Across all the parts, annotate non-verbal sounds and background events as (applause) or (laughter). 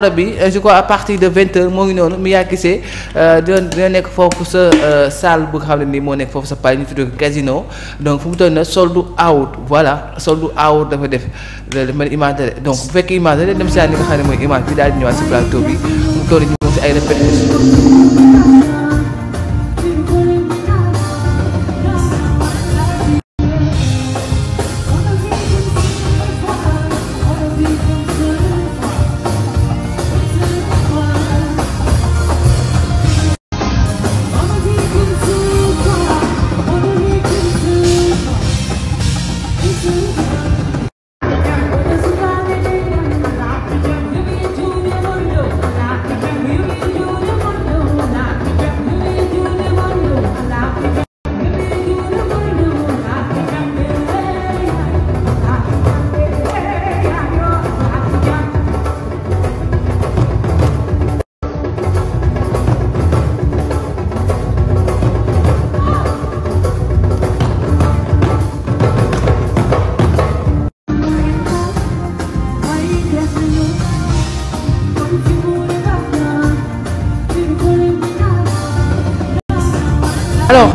ra bi euh, je crois à partir de vingt heures moo ngi noonu mu yaa euh, dina nekk foofu sa euh, salle bu xam ne nii moo nekk foofu sa pale ñu tuddee casino donc fu mu toll na soldu out voilà soldu out dafa def man image la donc bu fekkee image la dem si li nga xam ne mooy image bi daal di ñëwaat si plateau bi mu toll ñu moom si ay répétition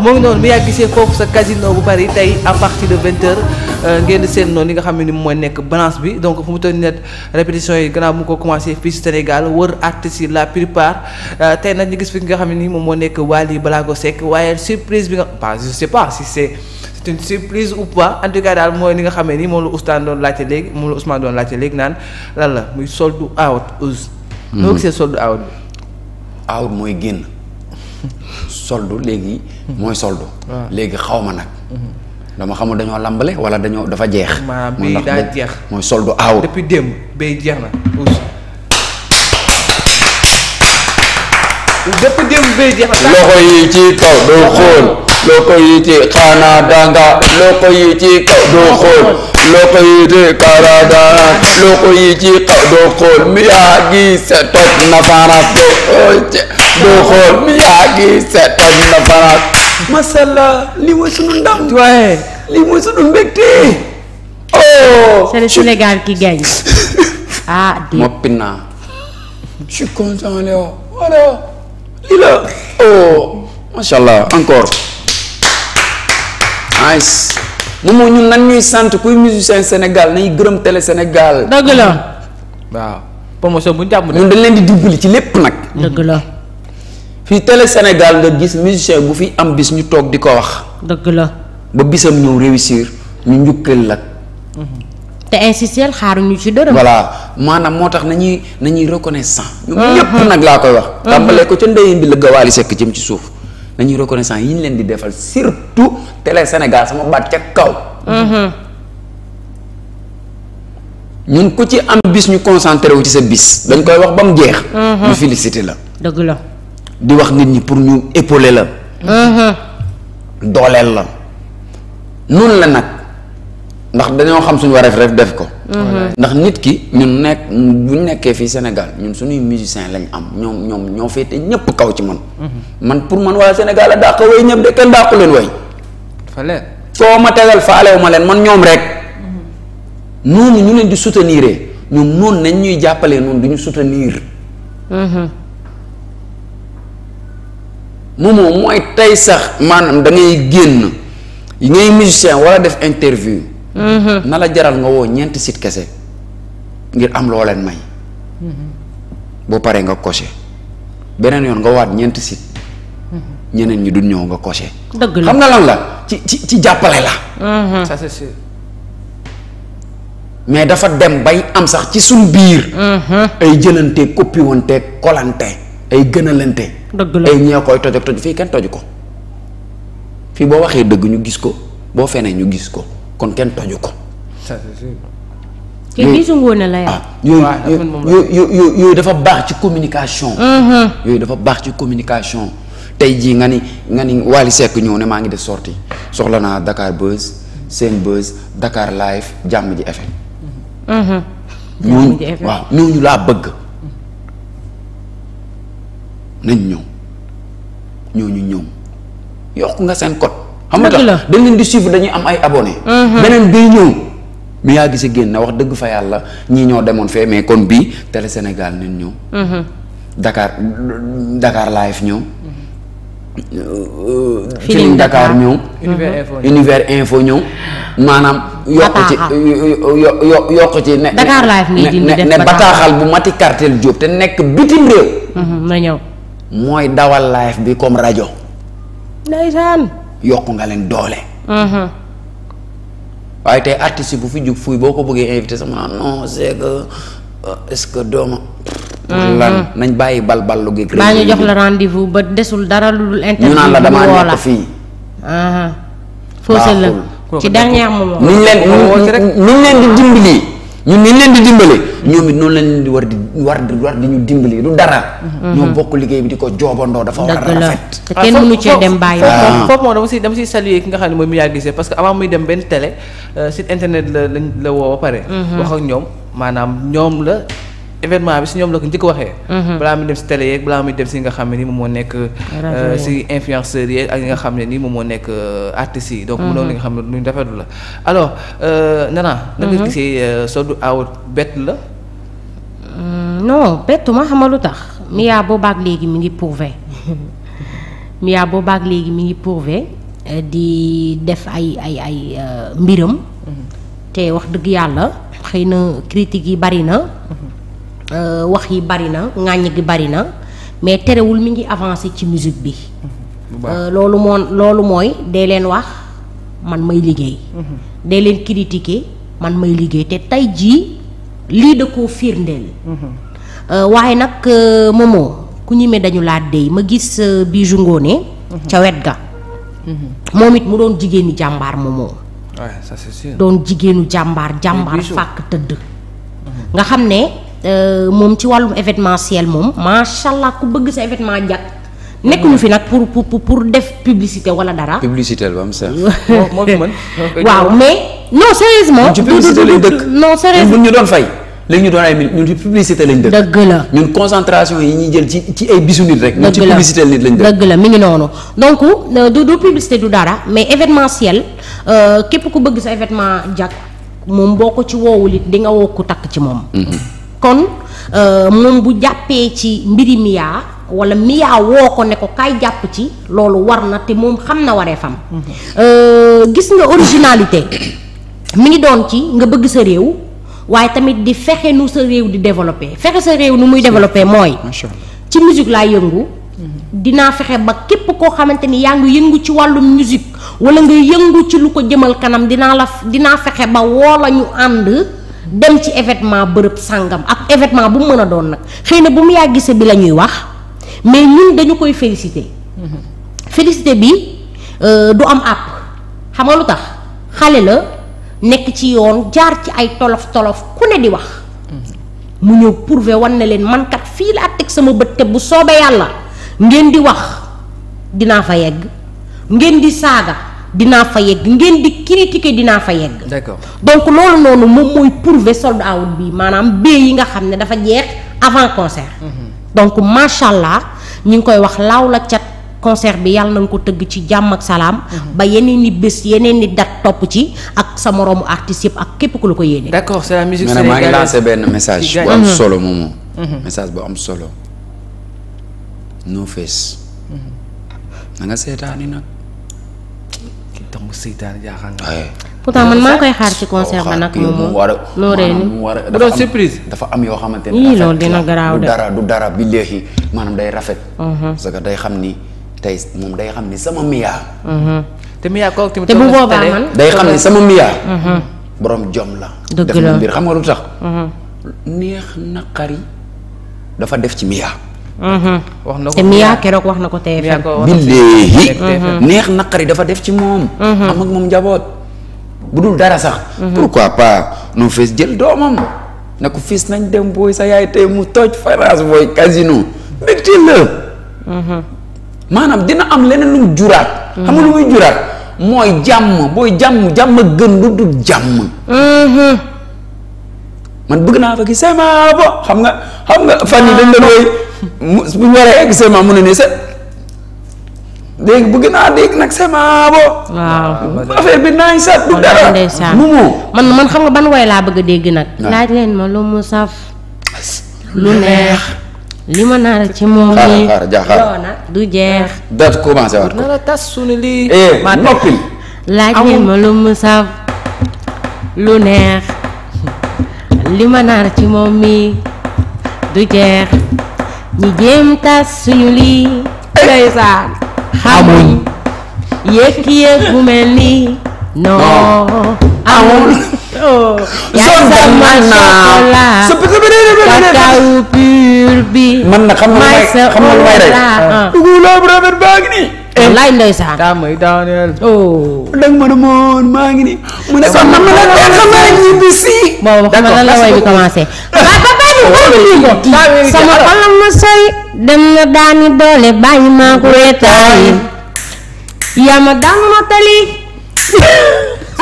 moo ngi noonu mi yaa gisee foofu sa casino bu Paris tey à partir de vingt heures euh, ne ni mooy nekk balance bi donc fu mu toll net répétition yi gannaaw mu ko commencé fii si Sénégal wër artistes yi la plupart euh, tey gis fi nga xam ne ni moom moo nekk Wally Ballago Seck waaye surprise bi nga pas je sais pas si c'est c'est une surprise ou pas en tout cas daal mooy li nga xamee ni moom la Ousmane doon laajte léegi moom la Ousmane doon laajte léegi naan lan la muy sold out Ouz. Mhm. noo gisee sold out bi. out mooy génn. soldu léegi mooy soldu léegi xaw ma nag dama xamul dañoo lambale wala dañoo dafa jeex maanaam bii daa mooy soldu aaw depuis démb bay na depuis démb loxo yi ci kaw doo xool loxo yi ci xanaa danga loxo yi ci kaw doo xool loxo yi ci kara danga loxo yi ci kaw doo xool mi yaa gis toog na faras doo doo xool mi yaa ngi seetaan na baraat masala lii mooy sunu ndam waaye lii mooy sunu mbégte oh Sénégal qui gagne moppi (laughs) ah, naa lii la oh macha allah encore moom moo ñun nan sant kuy musicien Sénégal nañu gërëm télé Sénégal dëgg la waaw promotion bu jàpp jàmm dañ leen di dimbali ci lépp nag dëgg la fii télé Sénégal nga gis musicien bu fi am bis ñu toog di ko wax. dëgg la ba bisam ñëw réussir ñu njukkal la. Mm-hmm. te si insister xaaruñu ci dërëm. voilà maanaam moo tax nañuy nañuy reconnaissant. ñoom mm-hmm. ñëpp nag laa koy wax. Mm-hmm. tàmbalee ko ca ndeyam bi la gawaali sekk jëm ci suuf nañuy reconnaissant yi ñu leen di defal surtout télé Sénégal sama baat ca kaw. ñun ko ci am bis ñu concentré ci sa bis dañ koy wax ba mu jeex. ñu félicité la. dëgg la. di wax nit ñi pour ñu épauler la dooleel la noonu la nag ndax dañoo xam suñu wareef rek def ko ndax nit ki ñun nekk bu nekkee fii Sénégal ñun suñuy musicien lañ am ñoom ñoom ñoo féete ñëpp kaw ci man man pour man waa Sénégal a dàq way ñëpp de kenn dàqu leen way dafa soo ma tegal faalewu ma leen man ñoom rek noonu ñu leen di soutenir ñoom noonu nañ ñuy jàppalee noonu du ñu soutenir mu mooy tey sax maanaam da ngay génn ngay musicien wala def interview. Mhm. na la jaral nga woo ñeenti site kese ngir am loo leen may. Mhm. boo paree nga coché beneen yoon nga waat ñeenti site. Mhm. ñeneen ñi du ñëw nga coché. dëgg la xam nga lan la ci ci ci jàppale la. mais dafa dem bay am sax ci suñ biir. ay jëlante koppiwante kolante ay gënalante. dëgg la ay ñee koy toj ak fii kenn toju ko fii boo waxee dëgg ñu gis ko boo fenee ñu gis ko kon kenn toju ko. ça c'est sûr. Ah, yooyu yooyu dafa baax ci communication. Mm-hmm. yooyu dafa baax ci communication. tey jii nga ni nga ni Wally Seck ñëw ne maa ngi def sortie soxla naa Dakar Buzz Sen Buzz Dakar Live Jàmm ji FM. Mm-hmm. ñooñu waaw ñooñu laa bëgg. nañ ñëw ñooñu ñëw yokk nga seen code. xam nga tax dañ leen di suivre dañuy am ay abonné mhm. beneen bii ñëw mais yaa gise génn na wax dëgg fa yàlla ñii ñoo demoon fee mais kon bii Télé Sénégal nañ ñëw mhm. Dakar Dakar Live ñëw Feeling Dakar mhm. ñëw Univers Info ñëw maanaam yokk ci yo yokk ci ne ne bataaxal bu mati cartel Diop te nekk bitim réew na ñëw mooy dawal live bi comme rajo. ndeysaan. yokk nga leen doole. Mm-hmm. waaye tey artiste bu fi jug fuy boo ko bëggee invité sama naan non c'est que euh, est-ce mm-hmm. lan nañ bàyyi bal bal lu baa ñu jox la rendez ba desul dara lu dul interview ñu naan la damaa nekk fii. Mm-hmm. faussé la ci dernier moment. nuñ leen nuñ leen di dimbali ñun niñ leen di dimbali. ñoom it noonu lañ di war di war di war di ñu dimbali lu dara. Mhm. ñoo bokk liggéey bi di ko joobandoo dafa war a rafet. te kenn ah, mënu cee dem ah. foofu moom dama si dama si saluer ki nga xam ne mooy Mia Guissé parce que avant muy dem benn télé euh, site internet la la woo ba pare. Mhm. wax maanaam ñoom la. événement bi si ñoom la ko njëkk waxee. Mhm. balaa muy dem si nga xam ne ni moom moo nekk. Euh, si influenceurs yeeg ak yi nga xam ne ni moom moo nekk euh, artistes yi. donc mu doon li nga xam ne luñ rafetlu la alors Nana. na nga gisee soldu out bett la. non bettuma xamal lu tax boo boobaak léegi mi ngi pourvé Mia boobaak léegi mi ngi pourvé eh, di def ay ay ay euh, mbiram te wax dëgg yàlla xëy na critiques yi bari na euh, wax yi bari na ŋàññ gi bari na mais terewul mi ngi avancé ci musique bi euh, loolu moo loolu mooy dee leen wax man may liggéey mhm. dee leen critiquer man may liggéey te tey jii lii da koo firndeel mhm. Euh, waaye nag euh, moomoo ku ñime dañu laa dey ma gis euh, Bijou Ngoné mhm. ca wet ga mhm. moom it mu doon jigéenu jàmbaar moomoo doon jigéenu jàmbaar jàmbaar fàkk tëdd mhm. nga xam ne moom ci wàllum événementiel moom macha allah ku bëgg sa événement njàkk nekkuñu fi nag pour pour pour def publicité wala dara. publicité la am (laughs) waaw mais non sérieusement. du du du non sérieusement ñu doon fay. léegi ñu doon ay minutes ñun ci publicité lañ dëkk. dëgg la ñun concentration yi ñuy jël ci ci ay bisu nit rek. ñun ci publicité nit lañ dëgg la mi ngi noonu donc euh, du du publicité du dara mais événementiel euh, képp ku bëgg sa événement jàkk moom boo ko ci woowul it di nga woo ku takk ci moom. Mhm. kon euh, moom bu jàppee ci mbiri miyaa wala miyaa woo ko ne ko kaay jàpp ci loolu war na te moom xam na waree fam mhm. gis nga originalité mu ngi doon ci nga bëgg sa réew. waaye tamit di fexe nu sa réew di développé fexe sa réew nu muy développé mooy ci musique laa yëngu dinaa fexe ba képp koo xamante ni yaa ngi yëngu ci wàllum musique wala nga yëngu ci lu ko jëmal kanam dinaa la dinaa fexe ba woo la ñu ànd dem ci événement bërëb sàngam ak événement bu mën a doon nag xëy na bu mu yaa gisee bi la ñuy wax mais ñun dañu koy félicité mhm. félicité bi euh, du am àpp xam nga lu tax xale la nekk ci yoon jaar ci ay tolof tolof ku ne di wax mm-hmm. mu ñëw prouver wan na leen mankat kat fii laa teg sama bët te bu soobee yàlla ngeen di wax dinaa fa yegg ngeen di saaga dinaa fa yegg ngeen di critiquer dinaa fa yegg. d'accord donc loolu noonu moom mooy prouver sold out bi maanaam bee yi nga xam ne dafa jeex avant concert. Mm-hmm. donc macha ñu ngi koy wax laaw la cat concert bi yàlla na nga ko tëgg ci jàmm ak salaam. ba yeneen ni bés yeneen ni dat topp ci ak sa moroomu artiste yëpp ak képp ko la ko yéene. d'accord c'est la musique sénégalaise maa ngi lancé benn message. bu am mhm. solo moomu. Mhm. message bu am solo. no face. Mhm. na nga seetaani nag. ki tax mu seetaan jaaxal nga. pourtant man maa ngi koy xaar ci concert ba oh, nag. moom moo loolee nii bu doon surprise. dafa am yoo xamante ne. loolu dina garaaw de du dara du day rafet. parce que day tey moom day xam ni sama miyaa. Mhm. te miyaa kooku tamit. te bu boobaa man day xam ni sama miyaa. Mhm. borom jom la. dëgg la def mbir xam nga lu tax. Mhm. neex naqari dafa def ci miyaa. wax na ko te miyaa keroog na ko tey. miyaa ko billaahi neex naqari dafa def ci moom. am ak moom njaboot. bu dul dara sax. pourquoi pas nu fees jël doomam. ne ko nañ dem booy sa yaay tey mu toj farage booy casino mbégte la. maanaam dina am leneen lu mu juraat. xam nga lu muy juraat mooy jàmm booy jàmm jàmm gën lu dul jàmm. Mm-hmm. man bëgg naa fa ki sema xam nga xam nga fan yi dañ doon set dégg bëgg naa dégg nag sema bo waaw affaire bi naay set du dara mu mu man xam nga ban woy laa bëgg a dégg nag laaj leen ma lu mu saf lu neex li ma nar ci moom nii loona du jeex. dootu eh, ma lu mu saf lu neex li ma nar ci moom mi du jeex ñi jéem tas suñu lii. ndeysaan. xamuñ yëkk yëkk bu mel nii. non amul. oh. yaa sa kakaaw pur bi. man na xam nga may xam nga may rey. dugulaw bu rafet baa ngi nii. laay ndeysaan. daa may daaneel. oh. danga ma ne moon maa ngi nii. mu ne kon man la dàq maa ñibbi si. d'accord xam nga la way bi commencé. waaw papa bi bàyyi ko. sama xolam ma soy. dem na daani doole bàyyi maa ko reetaay. yaa ma daanu ma tali.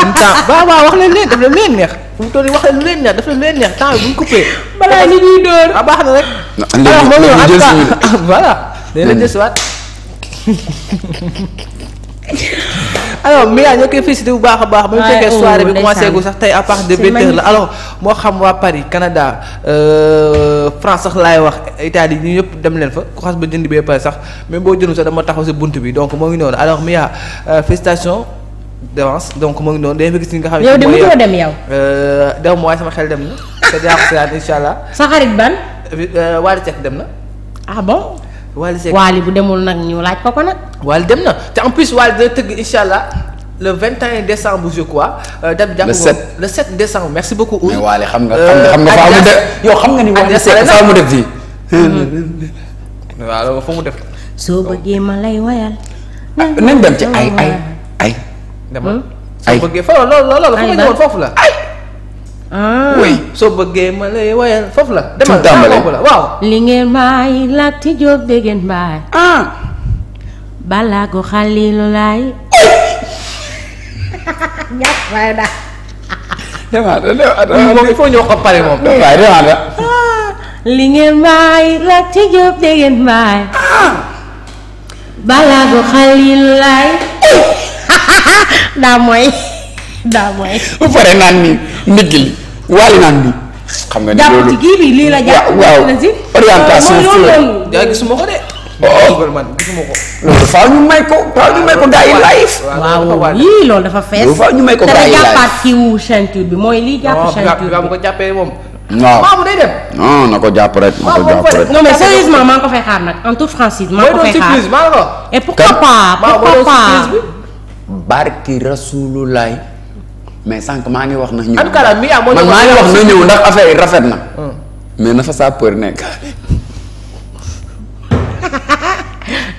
même temps (laughs) waaw waaw wax leen leen daf leen leen neex bu mu toll wax leen leen neex daf leen leen neex temps bi bu ñu coupé. balaa ñu ñuy dóor a ah, baax na rek. alors moom yow en tout cas (laughs) voilà. dañ la hmm. jësiwaat. (laughs) alors Mia ñoo koy félicité bu baax a baax. ba mu fekkee oh, soirée bi commencé gu sax tey à partir de vingt heures la alors moo xam waa Paris Canada euh, France sax laay wax Italie ñu yëpp dem leen fa ku xas ba jënd bee pare sax même boo jëndu sax dama taxaw si bunt bi donc moo ngi noonu alors Mia euh, félicitation. d'avance donc mu ngi noonu day gis ni nga xam ne. yow de mënuloo dem yow. Euh, dem waaye sama xel dem na. te dinaa ko ban. Euh, Waly Seck dem na. ah bon. Waly Seck Waly bu demul nag ñu laaj ko ko nag. Waly na te en plus Waly dina tëgg allah le 21 décembre je crois. Euh, date bi le 7 le 7 décembre merci beaucoup. mais Waly xam nga xam nga faamu xam nga ni Waly Seck faamu def fii. waaw faamu def. soo bëggee ma lay wayal. Ah, nañ dem ci ay ay ay. demal hmm? soo bëggee fa loolu loolu fa la ay. Ah. bëggee ma lay la. demal foofu la li ngeen may laajte jóg dégg ngeen mbaay. ah. xalilu laay. (laughs) (laughs) Ah, daa mooy daa mooy. bu paree naan ni ndigg li waali naan ni. xam nga ni li jàpp lii la jàpp. waaw orientation yaa gisuma ko de. Oh. loolu faaw may ko faaw ñu may ko gars yi live. waaw yii loolu dafa fees. loolu faaw ñu may ko gars yi bi mooy lii jàpp oh, ceinture bi. waaw ko jàppee moom. waaw day dem. non na ko jàpp rek na ko jàpp rek. barki rasulullaay mais sànq maa ngi wax na ñëw. Ankara na ñëw ndax affaire yi rafet na. Hmm. mais na fa sapeur nekk.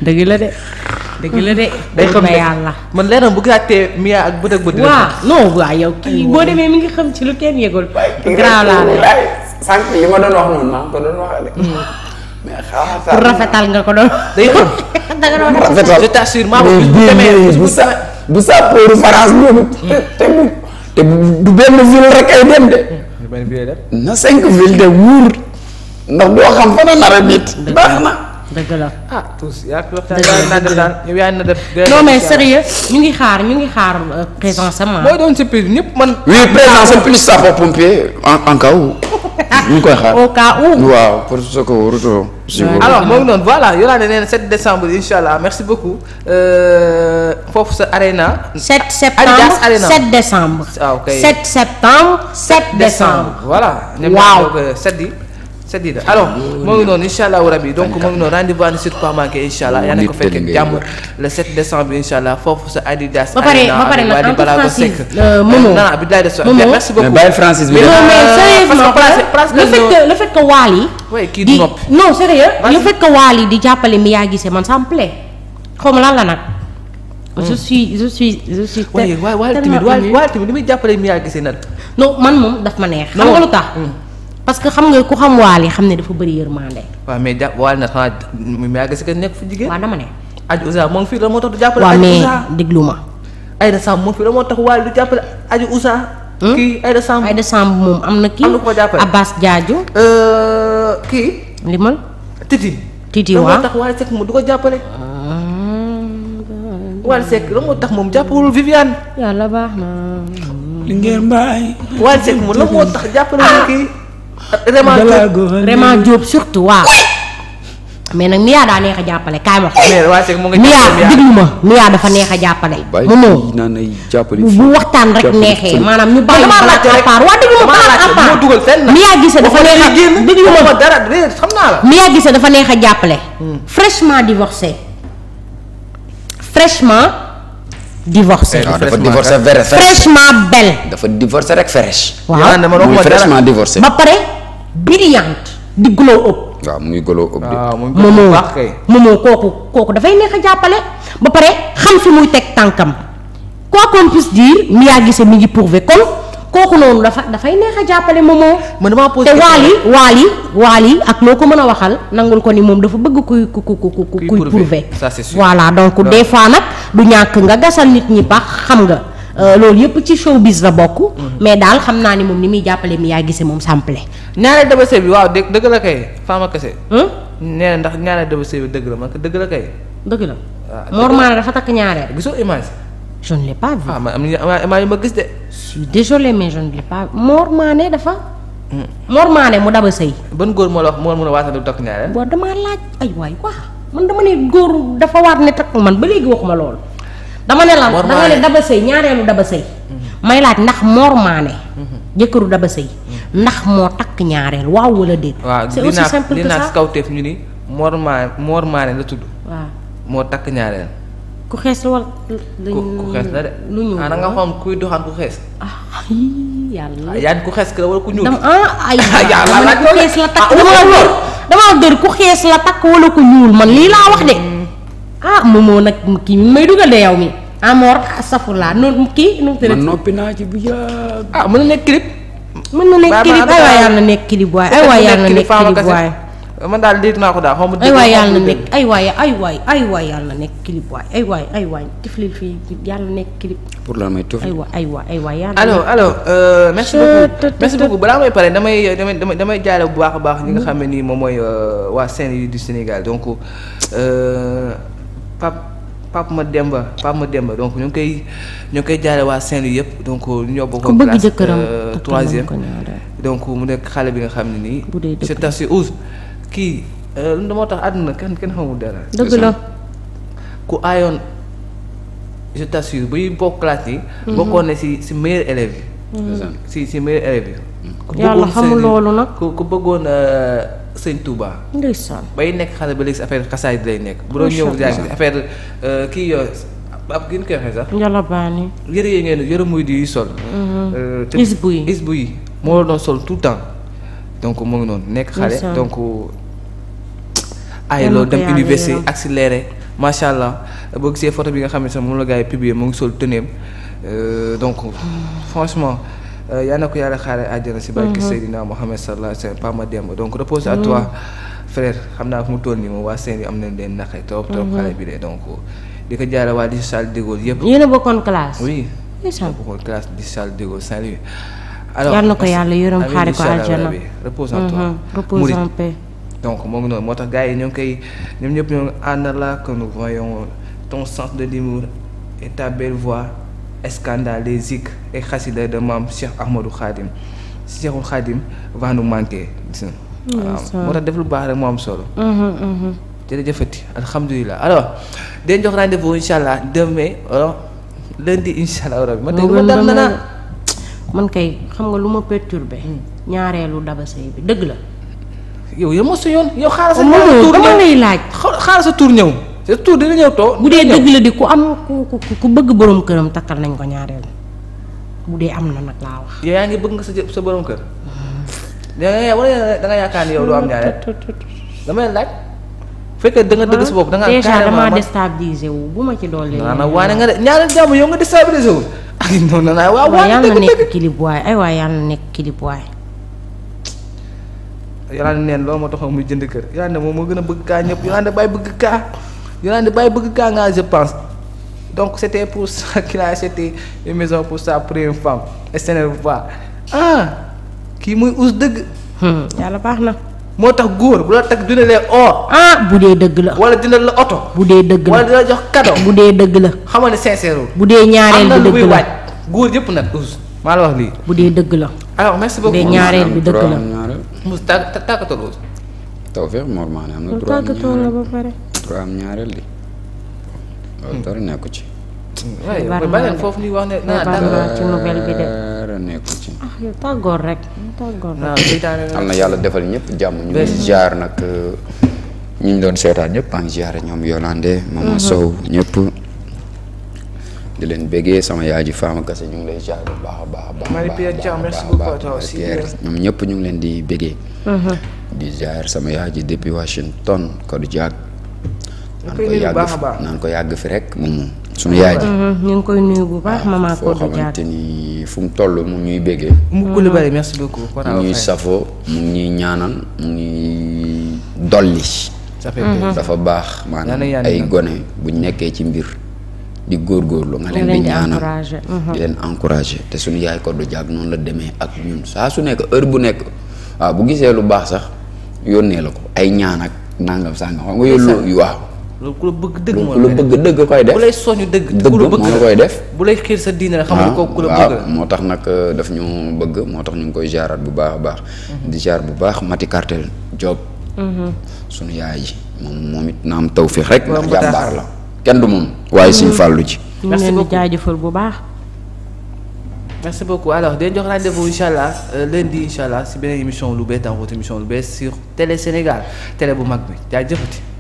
dëgg la de. dëgg la de. (laughs) day xam ne yàlla. man leer na bu gàttee Mia ak bët ak bët. waaw non waaw yow kii boo demee mi ngi xam ci lu kenn yëgul. grand laa lay sànq li ma doon wax noonu maa ko doon waxale. Hmm. mais xaaral rafetal nga ko doon. day xam (laughs) da nga doon rafetal je t'assure maa bu demee du sapporu France ñoom te bu te du benn ville rek ay dem de na cinq ville de wuur ndax doo xam fan a nar a nit baax na dëgg ah, sérieux ñu ngi xaar ñu ngi xaar euh, présence am mooy ah. doon surprise ñëpp man oui présence am plus sapeur pompier en en cas xaar. ñu ngi koy xaar au cas waaw pour soo ko retour. alors moom noonu voilà Yolande nee na 7 décembre incha allah merci beaucoup euh, foofu sa arena. 7 septembre Adidas arena 7 décembre. ah ok 7 septembre. 7 décembre voilà. waaw ñoom c'est-à-dire alors moo ngi noonu incha allahu rabi donc moo ngi noonu rendez-vous ne surtout pas manqué incha allah yaa na ko fekk jàmm le 7 décembre incha allah foofu sa Adidas. ba pare ba pare nag en Francis euh, Momo merci beaucoup mais bàyyi Francis di jàppale mi yaa gisee ma lan la nag. je hmm. suis je suis je suis. waaye waal tamit waal mi yaa gisee nag. non man moom daf ma neex. xam nga lu tax. Hmm. parce que xam nga ku xam waal yi xam ne dafa bëri yërmande. waaw mais ja waal na xanaa mu yàgg si moo ngi fi la mais déglu ma. la moo tax waal du jàppale Aji Ousa. Hmm? kii am na kii. am na ko jàppale Abbas Diadio. Euh, kii. limal. Titi. Titi waaw moo tax waal sekk ko jàppale. Ah. waal sekk la moo tax moom jàppalul Viviane. yàlla baax na. li ngeen bàyyi. waal sekk mu la moo tax jàppale kii. Réma Diop surtout waaw. mais nag Mia daa neex a jàppale kaay ma. mais waa Seck mu nga Mia déglu ma Mia dafa neex a jàppale. mu bu waxtaan rek neexee maanaam ñu bàyyi balaa à part waa déglu ma balaa à part dafa neex a déglu ma dara xam naa la. Mia Guissé dafa neex a jàppale. Hmm. fraîchement divorcé fraîchement. divorcé eh, dafa divorcé vrai fraîchement belle. dafa divorcé rek fraîche. waaw muy fraîchement divorcé. ba pare brillante di glow up. waaw muy glow up de. waaw ah, moom kooku kooku dafay neex a jàppale. ba pare xam fi muy teg tànkam quoi qu'on puisse dire Mia Guissé mi ngi prouvé comme. kooku noonu dafa dafay neex a jàppale ma man damaa posé te waal yi waal yi waal yi ak loo ko mën a waxal nangul ko ni moom dafa bëgg kuy ku ku ku kuy prouver ça c'est donc des fois nag du ñàkk nga gasal nit ñi pax xam nga. Euh, loolu yëpp ci showbiz la bokk. Mhm. mais daal xam naa ni moom ni muy jàppale mi yaa gisee moom sample. ñaareel daba sëy bi waaw dë dëgg la kay Fama Kassé. nee na ndax ñaaree daba bi dëgg la man dëgg la kay. dëgg la. waaw ah, Mor dafa takk ñaareel. gisoo image. je ne l'ai pas vu. ah ma am na yu ma gis de. je suis désolé mais dafa. Hmm. Mor mu daba sëy. ban góor moo la wax Mor mu ne waa sax du takk ñaareel. dafa waat ne takku man ba léegi waxuma loolu. dama ne la dama ne daba sëy ñaareelu hmm. may laaj ndax Mor Mané. Hmm. jëkkëru daba sëy. ndax moo takk ñaareel waaw wala déet. c'est aussi simple que ça waaw li naa li naa si kaw ñu ni Mor Mané Mor la tudd. waaw moo takk ñaareel. ku xees la wala. ku xees la de. lu ñuul ah da nga kuy doxaan ku xees. ah yàlla. yaa ku xees la wala ku ñuul. dama ah (laughs) la ku xees la takk ah, dama dër ku xees la takk wala ku ñuul man lii laa wax de. Mm. ah moomoo nag kii mi may dugal de yow mi ah Mor noonu kii. man noppi naa bu yàgg. ah mën na nekk clip. mën na nekk clip aywa yàlla nekk clip waaye aywa yàlla nekk clip waaye. man daal déet naa ko daal xaw ma. ay waay yàlla na nekk ay waay ay waay ay waay yàlla nekk clip waay ay ay waay tiflil fii yàlla na nekk clip. pour lan may tiflil ay waay ay waay ay waay yàlla. alors alors euh, merci beaucoup merci beaucoup balaa may pare damay damay damay damay jaale bu baax a baax. ñi nga xam ne nii moom mooy euh, waa scène yi du Sénégal donc euh, Pape Pape Mademba Pape Mademba donc ñu ngi koy ñoo koy jaale waa scène yi yëpp donc ñoo bokkoon. classe troisième donc mu nekk xale bi nga xam ne nii. bu dee kii euh, moo tax àdduna kenn kenn xamul dara. dëgg la ku aayoon je t'assure buy bokk classe yi. Mhm. bokkoon ne si si meilleur élève yi. Mhm. si si meilleur élève yi. Mhm. yàlla xamul loolu nag ku ku bëggoon euh, sëñ Touba. bay nekk xale ba léegi si affaire xasaay bi lay nekk. bu doon ñëw jaay affaire euh, kii yoo ab gi ñu koy sax. njalabaani. yëre yi ngeen yëre muy di sol. isbu yi isbu yi moo la doon sol tout le temps donc mu ngi noonu nekk xale donc. ay loolu dem université accéléré macha allah boo gisee photo bi nga xam ne sax moom la gars yi publier mu ngi sol tëneem euh, donc franchement euh, yal na ko yàlla xaare àjjana si barke mhm. Seydina Mohamed sallallahu alayhi wa sallam Pa Mademba repose à mhm. toi mu mhm. de donc di ko jaare waa lycée a bokkoon classe oui a bokkoon classe lycée na ko yàlla yërëm ko àjjana repose en toi repose en paix donc moom ngi noonu moo tax gars yi ñoo ngi koy ñoom ñëpp ñoo ngi ànd la que nous voyons ton sens de l'humour et ta belle voix scandalistique et xasida de maam Cheikh Ahmadou Khadim Cheikhul Khadim va nous manquer gis waaw ah, moo tax def lu baax rek moo am solo. Mhm, mhm. jërëjëfati alhamdulilah alors den jox rendez-vous incha allah demain alors lundi incha allah rabi. ma tey man kay xam nga lu ma perturbé. Hmm. ñaareelu dabasay bi dëgg la. yow yow ma sa yoon yow xaaral sa tur dama lay laaj xaaral sa tur ñëw sa tur dina ñëw too bu dee dëgg la di ku am ku ku bëgg borom këram takkal nañ ko ñaareel bu dee am na nag laa wax yaa ngi bëgg nga sa sa borom kër yaa wala da nga yaakaar ni yow doo am ñaareel dama lay laaj fekkee da nga dëgg sa bopp da nga ah, déjà dama déstabilisé wu bu ma ci doole na waane nga de ñaareel jàmm yow nga déstabilisé wu ak noonu na naa waaw yàlla na nekk kilib waay ay waay yàlla na nekk kilib waay Yolande neen loolu moo taxoon muy jënd kër Yolande moom moo gën a bëgg kaa ñëpp Yolande bàyyi bëgg kaa Yolande bàyyi bëgg kaa nga je donc c' était pour ça (laughs) qu'il a acheté une maison pour sa première femme ah, kii muy us dëgg. Hmm. yàlla baax na. moo tax góor bu la takk dundalee or. Ah, bu dee dëgg la. wala dundal la oto. bu dee dëgg la wala jox cadeau. bu dee dëgg la. xamal ne sincère bu dee ñaareel la am na nag us maa dëgg la. alors merci bu dee ñaareel bi dëgg la. mu tàgg tàggatoo tawfeex Mor Mané nekku ci. foofu li wax ne. naa ci yow tàggoor rek. tàggoor na yàlla defal ñëpp jàmm ñu ngi jaar nag. ñu doon seetaan ñëpp. maa ngi ziare ñoom Yolande. Mama mhm. Sow ñëpp. di leen béggee sama yaay ji Fama Kassé ñu ngi lay jaar bu baax a baax a baax. Marie-Pierre Thiam merci beaucoup toi aussi ñoom ñëpp ñu ngi leen di béggee. Uh-huh. di jaar sama yaay ji depuis Washington Kodou Diak. naan ko yàgg naan ko yàgg fi rek moom suñu yaay ji. Uh-huh, ñu ngi koy nuyu bu baax ah, maman Kodou Diak foo xamante ni fu mu toll mu ñuy béggee. mu uh-huh. kulli bari merci beaucoup. mu ñuy safoo mu ngi ñuy ñaanal mu ngi dolli. dafa baax maanaam ay gone bu ñu nekkee ci mbir. di góorgóorlu nga leen di ñaanal di mhm. leen encouragé te suñu yaay Codou Diack noonu la demee ak ñun saa su nekk heure bu nekk waaw bu gisee lu baax sax yónnee la ko ay ñaan ak nangam sangam xam nga yónlu waaw loolu ku dëgg moo la bëgg dëgg koy def koy def bu lay sa diine la ah, ko ku moo tax nag euh, daf ñu bëgg moo tax ñu ngi koy jaaraat bu baax a baax mhm. di jaar bu baax mati cartel job mhm. suñu yaay ji moom moom it na am tawféex rek ndax jàmbaar la kenn du moom waaye suñ fàllu ji. merci beaucoup ñu ngi leen bu baax. merci beaucoup alors di jox rendez-vous incha allah euh, lundi incha allah si beneen émission lu bees taxawut émission lu bees sur Télé Sénégal télé bu mag bi jaajëfati.